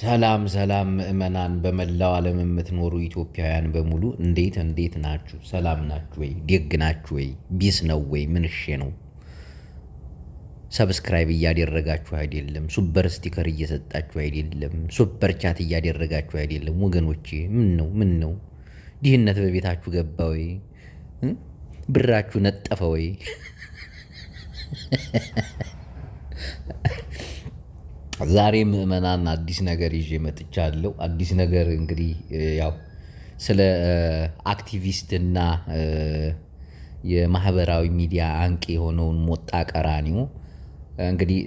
ሰላም ሰላም ምእመናን፣ በመላው ዓለም የምትኖሩ ኢትዮጵያውያን በሙሉ እንዴት እንዴት ናችሁ? ሰላም ናችሁ ወይ? ደግ ናችሁ ወይ? ቢስ ነው ወይ? ምንሼ ነው? ሰብስክራይብ እያደረጋችሁ አይደለም፣ ሱፐር ስቲከር እየሰጣችሁ አይደለም፣ ሱፐር ቻት እያደረጋችሁ አይደለም። ወገኖቼ ምን ነው ምን ነው? ድህነት በቤታችሁ ገባ ወይ? ብራችሁ ነጠፈ ወይ? ዛሬ ምዕመናን አዲስ ነገር ይዤ መጥቻለሁ። አዲስ ነገር እንግዲህ ያው ስለ አክቲቪስትና የማህበራዊ ሚዲያ አንቂ የሆነውን ሞጣ ቀራኒው እንግዲህ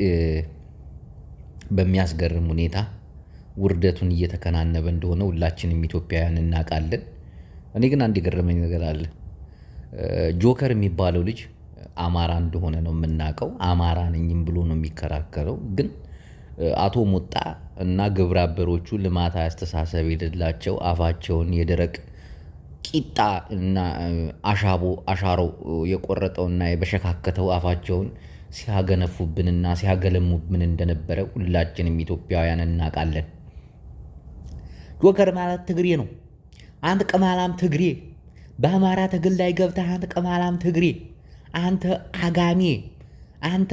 በሚያስገርም ሁኔታ ውርደቱን እየተከናነበ እንደሆነ ሁላችንም ኢትዮጵያውያን እናውቃለን። እኔ ግን አንድ የገረመኝ ነገር አለ። ጆከር የሚባለው ልጅ አማራ እንደሆነ ነው የምናውቀው። አማራ ነኝም ብሎ ነው የሚከራከረው ግን አቶ ሙጣ እና ግብረ አበሮቹ ልማት አስተሳሰብ የሌላቸው አፋቸውን የደረቅ ቂጣ እና አሻቦ አሻሮ የቆረጠውና የበሸካከተው አፋቸውን ሲያገነፉብንና ሲያገለሙብን እንደነበረ ሁላችንም ኢትዮጵያውያን እናውቃለን። ጆከር ማለት ትግሬ ነው። አንድ ቅማላም ትግሬ በአማራ ትግል ላይ ገብተህ አንድ ቅማላም ትግሬ፣ አንተ አጋሜ፣ አንተ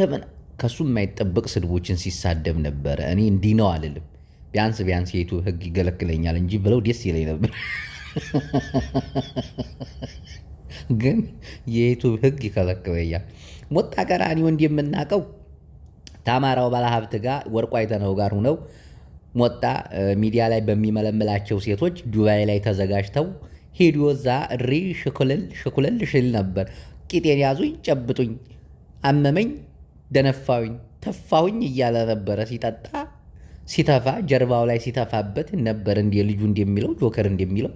ከሱ የማይጠበቅ ስድቦችን ሲሳደብ ነበረ። እኔ እንዲህ ነው አልልም። ቢያንስ ቢያንስ የቱ ህግ ይገለክለኛል እንጂ ብለው ደስ ይለኝ ነበር። ግን የዩቱብ ህግ ይከለክለኛል። ሞጣ ቀራኒ ወንድ የምናውቀው ታማራው ባለሀብት ጋር ወርቁ አይተነው ጋር ሁነው ሞጣ ሚዲያ ላይ በሚመለምላቸው ሴቶች ዱባይ ላይ ተዘጋጅተው ሄዶ እዛ እሪ ሽኩልል ሽኩልል ሽል ነበር። ቂጤን ያዙኝ፣ ጨብጡኝ፣ አመመኝ ደነፋውኝ ተፋውኝ እያለ ነበረ ሲጠጣ ሲተፋ ጀርባው ላይ ሲተፋበት ነበር። እንዲ ልጁ እንደሚለው ጆከር እንደሚለው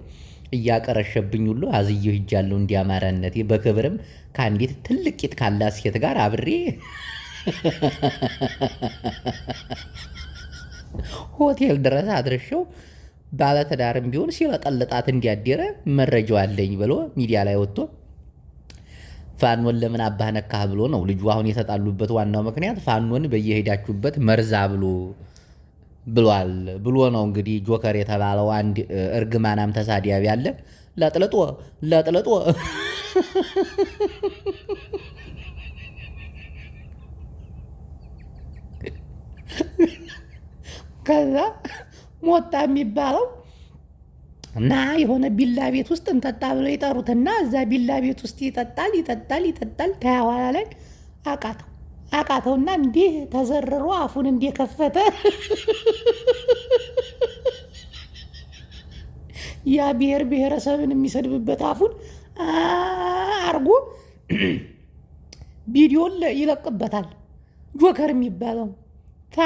እያቀረሸብኝ ሁሉ አዝየው ሂጃለሁ እንዲያማረነት በክብርም ከአንዲት ትልቂት ካላት ሴት ጋር አብሬ ሆቴል ድረስ አድርሸው ባለትዳርም ቢሆን ሲለጠልጣት እንዲያደረ መረጃው አለኝ ብሎ ሚዲያ ላይ ወጥቶ ፋኖን ለምን አባህ ነካህ ብሎ ነው ልጁ አሁን የተጣሉበት ዋናው ምክንያት ፋኖን በየሄዳችሁበት መርዛ ብሎ ብሏል ብሎ ነው እንግዲህ ጆከር የተባለው አንድ እርግማናም ተሳዲያቢ አለ። ላጥለጦ ላጥለጦ ከዛ ሞታ የሚባለው እና የሆነ ቢላ ቤት ውስጥ እንጠጣ ብለው ይጠሩትና እዛ ቢላ ቤት ውስጥ ይጠጣል ይጠጣል ይጠጣል። ተያዋላ ላይ አቃተው አቃተውና እንዲህ ተዘርሮ አፉን እንዲህ ከፈተ። ያ ብሔር ብሔረሰብን የሚሰድብበት አፉን አርጎ ቪዲዮን ይለቅበታል። ጆከር የሚባለው ታ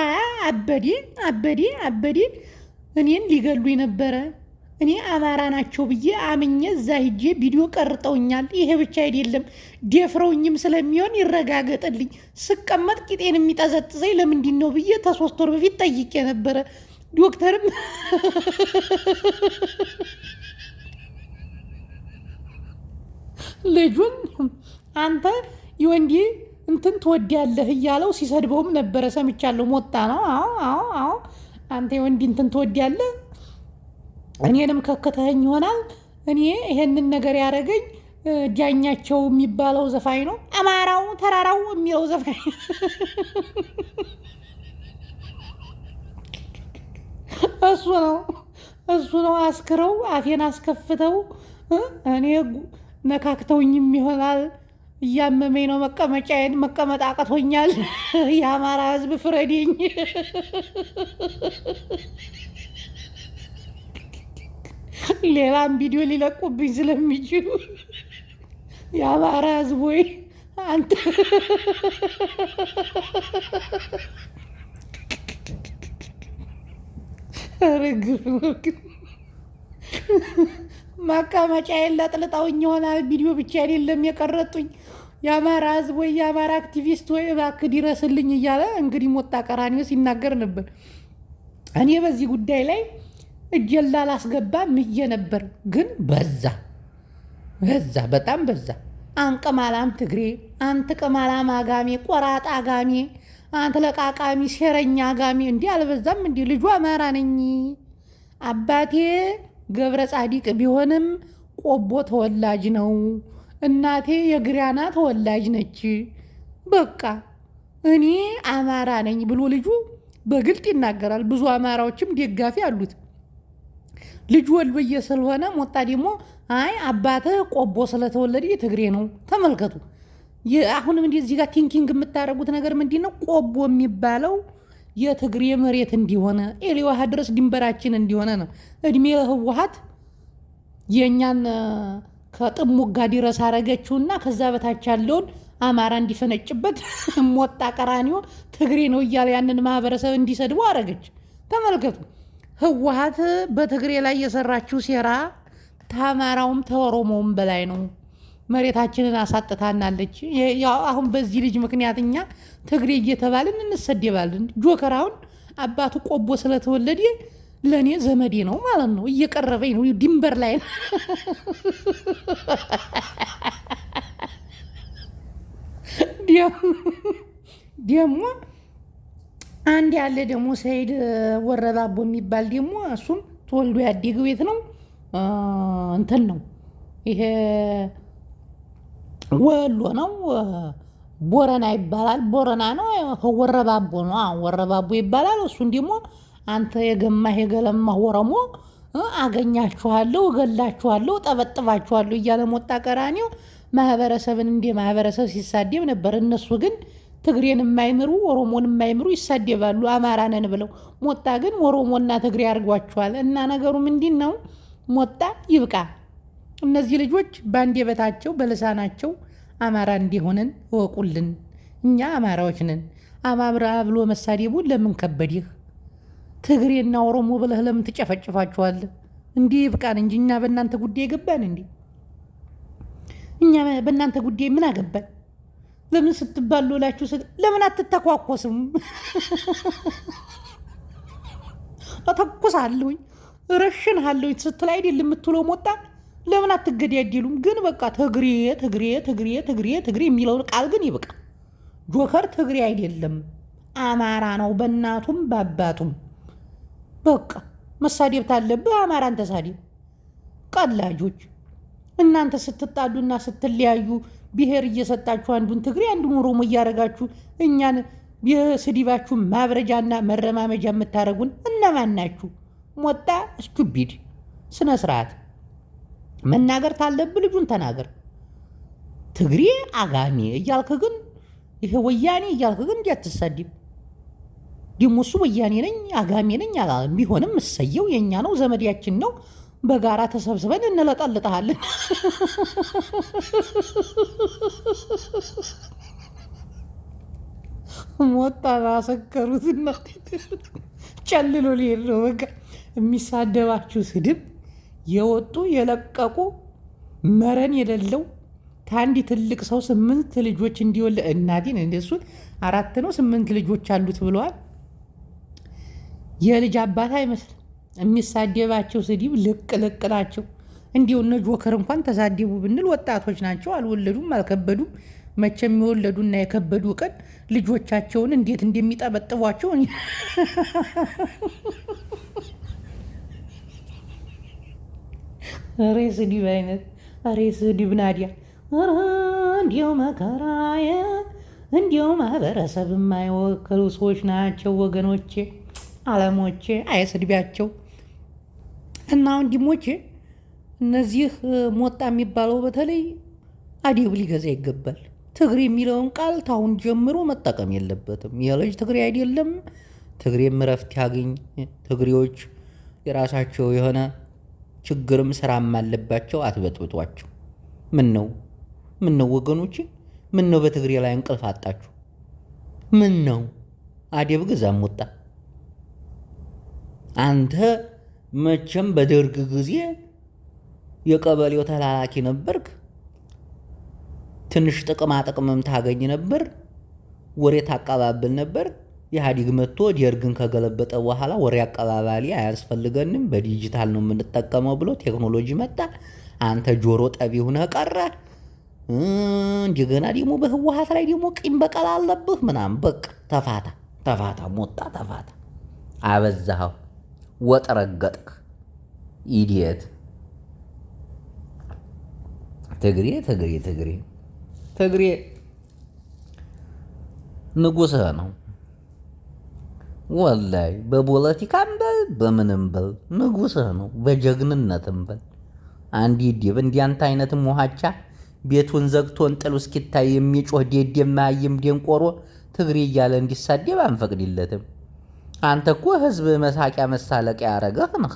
አበዴ አበዴ አበዴ እኔን ሊገሉኝ ነበረ እኔ አማራ ናቸው ብዬ አምኜ እዛ ሂጄ ቪዲዮ ቀርጠውኛል። ይሄ ብቻ አይደለም ደፍረውኝም ስለሚሆን ይረጋገጥልኝ። ስቀመጥ ቂጤን የሚጠዘጥዘኝ ለምንድን ነው ብዬ ተሶስት ወር በፊት ጠይቄ ነበረ። ዶክተርም ልጁን አንተ የወንዴ እንትን ትወዳለህ እያለው ሲሰድበውም ነበረ ሰምቻለሁ። ሞጣ ነው። አዎ አዎ አዎ አንተ የወንዴ እንትን ትወዳለህ እኔንም ከክተኸኝ ይሆናል። እኔ ይሄንን ነገር ያደረገኝ ዳኛቸው የሚባለው ዘፋኝ ነው። አማራው ተራራው የሚለው ዘፋኝ እሱ ነው እሱ ነው። አስክረው አፌን አስከፍተው እኔ ነካክተውኝም ይሆናል። እያመመኝ ነው መቀመጫዬን መቀመጥ አቅቶኛል። የአማራ ሕዝብ ፍረዴኝ። ሌላም ቪዲዮ ሊለቁብኝ ስለሚችሉ የአማራ ህዝብ ወይ አንተ ማቀመጫ የለ ጥልጣውኝ ይሆናል። ቪዲዮ ብቻ የሌለም የቀረጡኝ የአማራ ህዝብ ወይ የአማራ አክቲቪስት ወይ እባክህ ድረስልኝ እያለ እንግዲህ ሞጣ ቀራኒዮ ሲናገር ነበር። እኔ በዚህ ጉዳይ ላይ እጄን ላላስገባ ምዬ ነበር፣ ግን በዛ በዛ በጣም በዛ። ማላም ትግሬ፣ አንተ ቀማላም አጋሜ፣ ቆራጣ አጋሜ፣ አንተ ለቃቃሚ፣ ሴረኛ አጋሜ። እንዲህ አልበዛም? እንዲህ ልጁ አማራ ነኝ። አባቴ ገብረ ጻዲቅ ቢሆንም ቆቦ ተወላጅ ነው። እናቴ የግሪያና ተወላጅ ነች። በቃ እኔ አማራ ነኝ ብሎ ልጁ በግልጥ ይናገራል። ብዙ አማራዎችም ደጋፊ አሉት። ልጅ ወሎዬ ስለሆነ ሞጣ ደግሞ አይ አባተ ቆቦ ስለተወለደ የትግሬ ነው። ተመልከቱ። አሁንም እንዲ እዚህ ጋር ቲንኪንግ የምታደርጉት ነገር ምንድን ነው? ቆቦ የሚባለው የትግሬ መሬት እንዲሆነ ኤሊዋሃ ድረስ ድንበራችን እንዲሆነ ነው። እድሜ ለህወሀት የእኛን ከጥሙቅ ድረስ አረገችውና ከዛ በታች ያለውን አማራ እንዲፈነጭበት ሞጣ ቀራኒዮ ትግሬ ነው እያለ ያንን ማህበረሰብ እንዲሰድቦ አረገች። ተመልከቱ። ህወሀት በትግሬ ላይ የሰራችው ሴራ ተአማራውም ተኦሮሞውም በላይ ነው። መሬታችንን አሳጥታናለች። አሁን በዚህ ልጅ ምክንያት እኛ ትግሬ እየተባልን እንሰደባለን። ጆከር አሁን አባቱ ቆቦ ስለተወለደ ለእኔ ዘመዴ ነው ማለት ነው። እየቀረበኝ ነው። ድንበር ላይ ደግሞ አንድ ያለ ደግሞ ሰይድ ወረዳቦ የሚባል ደግሞ እሱም ተወልዶ ያደገው ቤት ነው እንትን ነው ይሄ ወሎ ነው ቦረና ይባላል። ቦረና ነው ወረባቦ ነው ወረባቦ ይባላል። እሱን ደግሞ አንተ የገማህ የገለማህ ወረሞ አገኛችኋለሁ፣ እገላችኋለሁ፣ ጠበጥባችኋለሁ እያለ ሞጣ ቀራኒው ማህበረሰብን እንደ ማህበረሰብ ሲሳደብ ነበር። እነሱ ግን ትግሬን የማይምሩ ኦሮሞን የማይምሩ ይሳደባሉ አማራ ነን ብለው። ሞጣ ግን ኦሮሞና ትግሬ አድርጓቸዋል። እና ነገሩ ምንድን ነው? ሞጣ ይብቃ። እነዚህ ልጆች በአንደበታቸው በልሳናቸው አማራ እንዲሆንን እወቁልን። እኛ አማራዎች ነን። አማራ ብሎ መሳደቡ ለምን ከበድህ? ትግሬና ኦሮሞ ብለህ ለምን ትጨፈጭፋቸዋለህ? እንዲህ ይብቃን እንጂ እኛ በእናንተ ጉዳይ ገባን እንዴ? እኛ በእናንተ ጉዳይ ምን አገባን? ለምን ስትባሉ ላችሁ ለምን አትተኳኮስም? ረሽን ረሽንሃለሁኝ ስትል አይደል የምትለው ሞጣ ለምን አትገዳደሉም? ግን በቃ ትግሬ ትግሬ ትግሬ ትግሬ ትግሬ የሚለውን ቃል ግን ይብቃ። ጆከር ትግሬ አይደለም አማራ ነው በእናቱም በአባቱም። በቃ መሳደብ ታለብህ አማራን ተሳደብ። ቀላጆች እናንተ ስትጣሉና ስትለያዩ ብሔር እየሰጣችሁ አንዱን ትግሬ አንዱን ኦሮሞ እያደረጋችሁ እኛን የስድባችሁ ማብረጃና መረማመጃ የምታደርጉን እነማን ናችሁ? ሞጣ ስኩቢድ ስነ ስርዓት መናገር ታለብ ልጁን ተናገር። ትግሬ አጋሜ እያልክ ግን ይሄ ወያኔ እያልክ ግን እንዳትሳድብ። ደግሞ እሱ ወያኔ ነኝ አጋሜ ነኝ አላለም። ቢሆንም እሰየው የእኛ ነው ዘመዲያችን ነው በጋራ ተሰብስበን እንለጠልጠሃለን። ሞጣን አሰከሩትና ጨልሎ ሊሄድ ነው። በቃ የሚሳደባችሁ ስድብ የወጡ የለቀቁ መረን የሌለው ከአንድ ትልቅ ሰው ስምንት ልጆች እንዲወለ እናቴን እንደሱን አራት ነው ስምንት ልጆች አሉት ብለዋል። የልጅ አባት አይመስልም። የሚሳደባቸው ስድብ ልቅ ልቅ ናቸው። እንዲሁ እነ ጆከር እንኳን ተሳደቡ ብንል ወጣቶች ናቸው፣ አልወለዱም፣ አልከበዱም። መቼም የወለዱና የከበዱ ቀን ልጆቻቸውን እንዴት እንደሚጠበጥቧቸው ሬ ስድብ አይነት ሬ ስድብ ናዲያ እንዲው መከራዬ እንዲው ማህበረሰብ የማይወከሉ ሰዎች ናቸው ወገኖቼ። አለሞቼ አይስድቢያቸው እና ወንድሞቼ እነዚህ ሞጣ የሚባለው በተለይ አዴብ ሊገዛ ይገባል። ትግሬ የሚለውን ቃል ታሁን ጀምሮ መጠቀም የለበትም። የልጅ ትግሬ አይደለም። ትግሬም እረፍት ያግኝ። ትግሬዎች የራሳቸው የሆነ ችግርም ስራም አለባቸው። አትበጥብጧቸው። ምን ነው ምን ነው ወገኖች፣ ምን ነው በትግሬ ላይ እንቅልፍ አጣችሁ? ምን ነው አዴብ ግዛም ወጣ አንተ መቼም በደርግ ጊዜ የቀበሌው ተላላኪ ነበርክ። ትንሽ ጥቅማ ጥቅምም ታገኝ ነበር፣ ወሬ ታቀባብል ነበር። ኢህአዲግ መጥቶ ደርግን ከገለበጠ በኋላ ወሬ አቀባባሊ አያስፈልገንም፣ በዲጂታል ነው የምንጠቀመው ብሎ ቴክኖሎጂ መጣ። አንተ ጆሮ ጠቢ ሆነ ቀረ። እንደገና ደግሞ በህወሀት ላይ ደግሞ ቂም በቀል አለብህ ምናምን። በቃ ተፋታ ተፋታ፣ ሞጣ ተፋታ፣ አበዛኸው። ወጥ ረገጥክ ኢዲየት። ትግሬ ትግሬ ትግሬ ትግሬ ንጉሥህ ነው። ወላይ በፖለቲካም በል በምንም በል ንጉሥህ ነው። በጀግንነትም በል አንድ ዴብ እንዲያንተ አይነት ሞሃቻ ቤቱን ዘግቶ ጥሉ እስኪታይ የሚጮህ ዴዴ ማያይም ደንቆሮ ትግሬ እያለ እንዲሳደብ አንፈቅድለትም። አንተ እኮ ህዝብ መሳቂያ መሳለቂያ ያረገህ ነህ።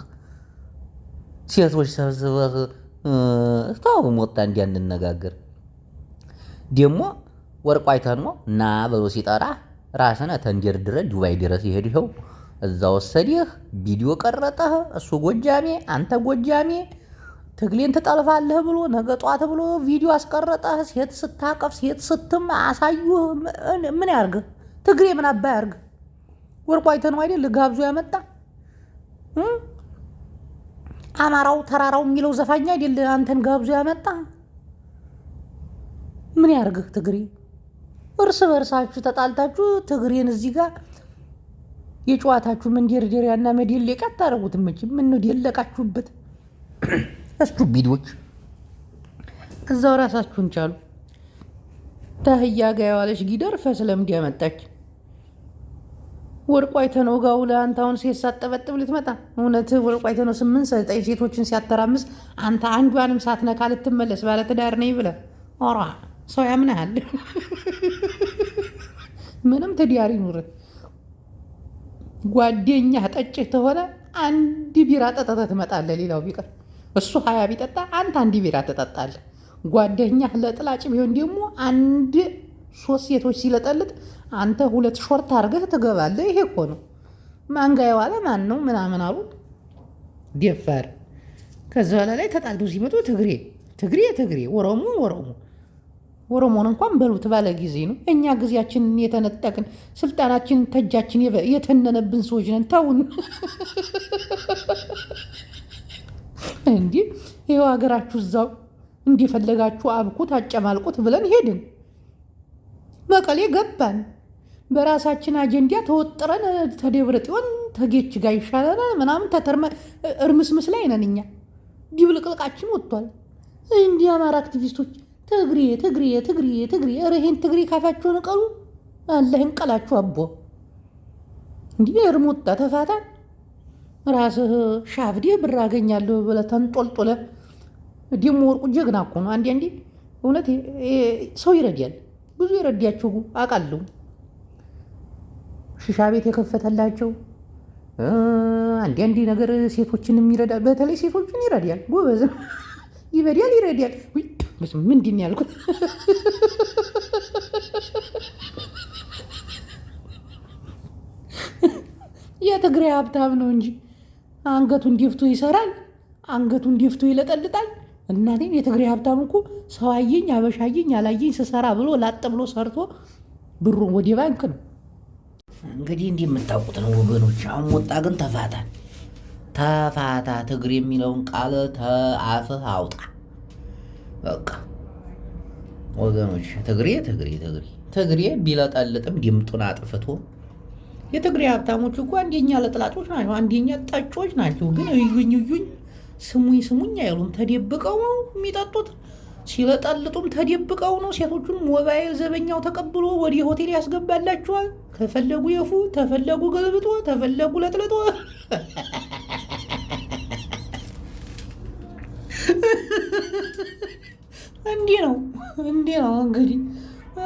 ሴቶች ሰብስበህ ተው ሞጣ እንዲ እንነጋገር ደግሞ ወርቋይተን ነው እና ብሎ ሲጠራ ራስን ተንደርድረ ዱባይ ድረስ ይሄድ ይኸው እዛ ወሰድህ፣ ቪዲዮ ቀረጠህ። እሱ ጎጃሜ አንተ ጎጃሜ ትግሌን ትጠልፋለህ ብሎ ነገ ጧት ብሎ ቪዲዮ አስቀረጠህ። ሴት ስታቀፍ ሴት ስትም አሳዩህ። ምን ያርግ ትግሬ ምን አባ ያርግ? ወርቁ አይተ ነው አይደል ጋብዞ ያመጣ አማራው ተራራው የሚለው ዘፋኝ አይደል አንተን ጋብዞ ያመጣ። ምን ያርግህ ትግሬ? እርስ በእርሳችሁ ተጣልታችሁ ትግሬን እዚህ ጋር የጨዋታችሁ መንደርደሪያና መደለቂያ አታደርጉትም። መቼም ምነው ደለቃችሁበት እስቱቢዶች። እዛው ራሳችሁን ቻሉ። ታህያ ጋ የዋለች ጊደር ፈስ ለምድ ያመጣች ወርቁ ነው ጋው ለአንተ አሁን ሴት ሳጠበጥብ ልትመጣ እውነት ወርቁ ነው ስምንት ዘጠኝ ሴቶችን ሲያተራምስ አንተ አንዷንም ሳትነካ ልትመለስ ባለትዳር ነኝ ብለህ ኧረ ሰው ያምናል ምንም ትዳር ይኑርህ ጓደኛ ጠጭ ተሆነ አንድ ቢራ ጠጥተህ ትመጣለህ። ሌላው ቢቀር እሱ ሀያ ቢጠጣ አንተ አንድ ቢራ ትጠጣለህ። ጓደኛ ለጥላጭ ቢሆን ደግሞ አንድ ሶስት ሴቶች ሲለጠልጥ አንተ ሁለት ሾርት አድርገህ ትገባለህ። ይሄ እኮ ነው። ማንጋ የዋለ ማን ነው ምናምን አሉ። ደፋር ከዚ በኋላ ላይ ተጣልቶ ሲመጡ ትግሬ ትግሬ ትግሬ፣ ኦሮሞ ኦሮሞ፣ ኦሮሞን እንኳን በሉት ባለ ጊዜ ነው። እኛ ጊዜያችንን የተነጠቅን ስልጣናችን ተጃችን የተነነብን ሰዎች ነን። ተውን እንዲህ ይኸው ሀገራችሁ እዛው እንዲፈለጋችሁ አብኩት አጨማልቁት ብለን ሄድን። መቀሌ ገባን። በራሳችን አጀንዳ ተወጥረን ተደብረ ጽዮን ተጌች ጋር ይሻለናል ምናምን ተተርመ እርምስምስ ላይ ነን እኛ። ዲብልቅልቃችን ወጥቷል። እንዲህ አማራ አክቲቪስቶች ትግሬ ትግሬ ትግሬ ትግሬ ኧረ ይሄን ትግሬ ካፋቸውን ቀሉ አለህን ቀላችሁ አቦ እንዲህ እርሙጣ ተፋታን። ራስህ ሻፍዴ ብር አገኛለሁ ብለህ ተንጦልጦለ ደሞ ወርቁ ጀግና እኮ ነው። አንዴ አንዴ እውነት ሰው ይረዳል። ብዙ የረዳቸው አውቃለሁ። ሽሻ ቤት የከፈተላቸው አንድ ነገር ሴቶችን ይረዳል። በተለይ ሴቶችን ይረዳል። ጎበዝ ይበዳል፣ ይረዳል። ምንድን ያልኩት የትግራይ ሀብታም ነው እንጂ አንገቱን ደፍቶ ይሰራል፣ አንገቱን ደፍቶ ይለጠልጣል። እናቴም የትግሬ ሀብታም እኮ ሰው አየኝ አበሻየኝ አላየኝ ስሰራ ብሎ ላጥ ብሎ ሰርቶ ብሩን ወደ ባንክ ነው። እንግዲህ እንዲህ የምታውቁት ነው ወገኖች። አሁን ወጣ ግን ተፋታ ተፋታ፣ ትግሬ የሚለውን ቃል ተአፍህ አውጣ። በቃ ወገኖች ትግሬ ትግሬ ትግሬ ትግሬ ቢለጠልጥም ድምጡን አጥፍቶ የትግሬ ሀብታሞች እኮ አንደኛ ለጥላጮች ናቸው፣ አንደኛ ጠጮች ናቸው። ግን እዩኝ እዩኝ ስሙኝ ስሙኝ አይሉም። ተደብቀው ነው የሚጠጡት። ሲለጠልጡም ተደብቀው ነው። ሴቶቹን ሞባይል ዘበኛው ተቀብሎ ወደ ሆቴል ያስገባላቸዋል። ከፈለጉ የፉ፣ ተፈለጉ ገልብጦ፣ ተፈለጉ ለጥልጦ። እንዲህ ነው እንዲህ ነው እንግዲህ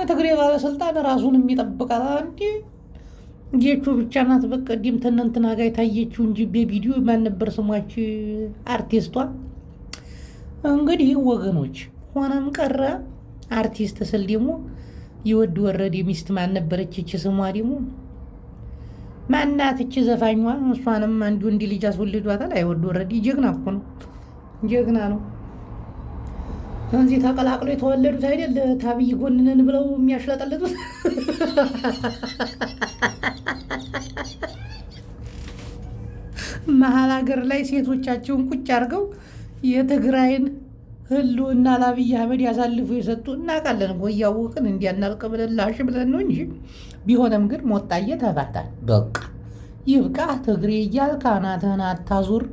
ትግሬ ባለስልጣን ራሱን የሚጠብቃል እንዲህ ጌቹ ብቻ ናት። በቀደም ተነንትና ጋር የታየችው እንጂ በቪዲዮ ማን ነበር ስሟች አርቲስቷ? እንግዲህ ወገኖች ሆነም ቀረ አርቲስት ስል ደግሞ የወድ ወረድ የሚስት ማን ነበረች? እች ስሟ ደግሞ ማናት? እች ዘፋኟ እሷንም አንድ ወንድ ልጅ አስወልዷታል። አይወድ ወረድ ጀግና እኮ ነው፣ ጀግና ነው። እዚህ ተቀላቅሎ የተወለዱት አይደል ታብይ ጎንነን ብለው የሚያሽለጠለጡት መሀል ሀገር ላይ ሴቶቻቸውን ቁጭ አድርገው የትግራይን ህልውና ለአብይ አህመድ ያሳልፉ የሰጡ እናውቃለን እኮ እያወቅን እንዲያናልቅ ብለን ላሽ ብለን ነው እንጂ ቢሆንም ግን ሞጣዬ ተፋታል። በቃ ይብቃ። ትግሬ እያልክ አናትህን አታዙር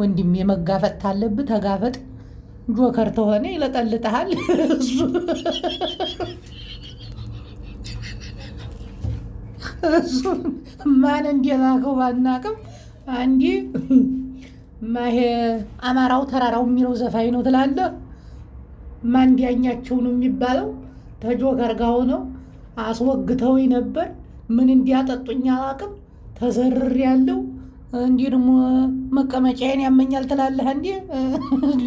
ወንድሜ። መጋፈጥ ታለብህ ተጋፈጥ። ጆከር ተሆነ ይለጠልጠሃል እሱ እሱም ማን እንደላከው ባናቅም አንዲ ማሄ አማራው ተራራው የሚለው ዘፋኝ ነው ትላለ። ማን ነው የሚባለው ተጆከር ጋር ሆነው አስወግተው ነበር። ምን እንዲያጠጡኝ አላቅም። ተዘርር ያለው እንዲህ ደግሞ መቀመጫዬን ያመኛል ትላለህ። እንዲ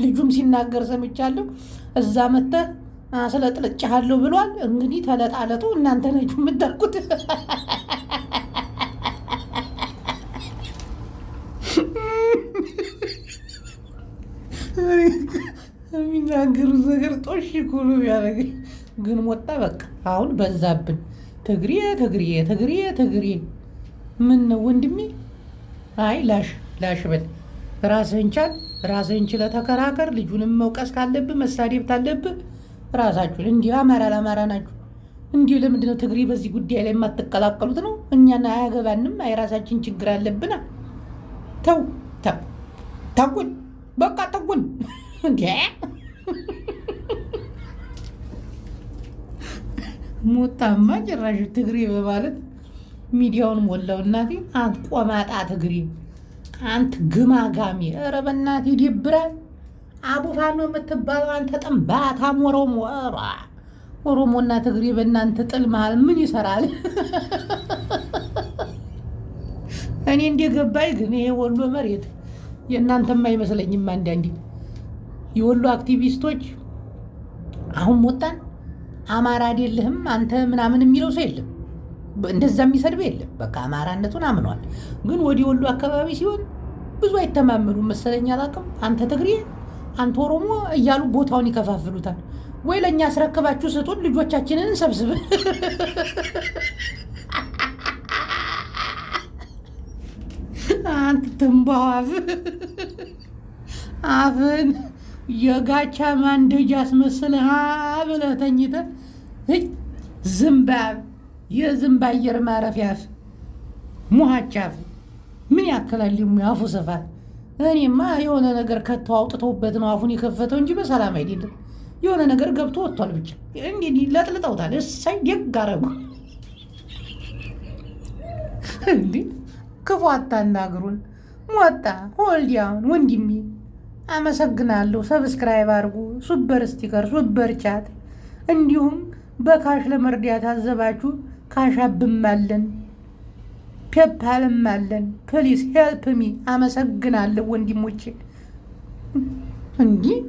ልጁም ሲናገር ሰምቻለሁ። እዛ መተህ ስለ ብሏል። እንግዲህ ተለጣለጡ እናንተ ናችሁ የምታልኩት የሚናገሩት ነገር ጦሽ ኩሉ ያደረገኝ ግን ወጣ። በቃ አሁን በዛብን። ትግሬ ትግሬ ትግሬ ትግሬ ምን ነው ወንድሜ? አይ ላሽ ላሽ በል ራስህን ቻል፣ ራስህን ችለህ ተከራከር። ልጁንም መውቀስ ካለብህ መሳደብ ካለብህ ራሳችሁን እንዲህ አማራ ለአማራ ናችሁ እንዲህ ለምንድነው ትግሬ በዚህ ጉዳይ ላይ የማትቀላቀሉት ነው? እኛን አያገባንም፣ የራሳችን ችግር አለብና ተው ተው ተጉን፣ በቃ ተጉን። ሞጣማ ጭራሽ ትግሬ በማለት ሚዲያውን ሞላው። እናቴ አንት ቆማጣ ትግሬ፣ አንት ግማጋሜ፣ ኧረ በእናቴ ይደብራል። አቡፋኖ የምትባለው አንተ ጥንባታም ኦሮሞ ኦሮሞና ትግሪ በእናንተ ጥል መሀል ምን ይሰራል? እኔ እንደገባኝ ግን ይሄ ወሎ መሬት የእናንተም አይመስለኝም። አንዳንዴ የወሎ አክቲቪስቶች አሁን ወጣን አማራ አይደለህም አንተ ምናምን የሚለው ሰው የለም፣ እንደዛ የሚሰድብ የለም። በቃ አማራነቱን አምኗል። ግን ወደ ወሎ አካባቢ ሲሆን ብዙ አይተማመኑ መሰለኝ፣ አላውቅም። አንተ ትግሬ አንተ ኦሮሞ እያሉ ቦታውን ይከፋፍሉታል። ወይ ለእኛ አስረክባችሁ ስጡን፣ ልጆቻችንን ሰብስብ። አንተ ትንባው አፍ አፍን የጋቻ ማንደጃ አስመስልህ ብለህ ተኝተህ ዝምባብ የዝምብ አየር ማረፊያ አፍ ሙሃቻ ምን ያክላል? ሙያፉ ስፋት እኔማ የሆነ ነገር ከተው አውጥተውበት ነው አፉን የከፈተው እንጂ በሰላም አይደለም። የሆነ ነገር ገብቶ ወጥቷል። ብቻ እንግዲህ ለጥልጠውታል። እሳይ ደግ አረጉ። እንዲህ ክፉ አታናግሩን። ሞጣ ሆልዲያውን ወንድሜ አመሰግናለሁ። ሰብስክራይብ አድርጉ። ሱበር ስቲከር፣ ሱበር ቻት እንዲሁም በካሽ ለመርዳት አዘባችሁ ካሽ አብማለን ፔፓልም አለን። ፕሊስ ሄልፕ ሚ። አመሰግናለሁ ወንድሞቼ እንዲህ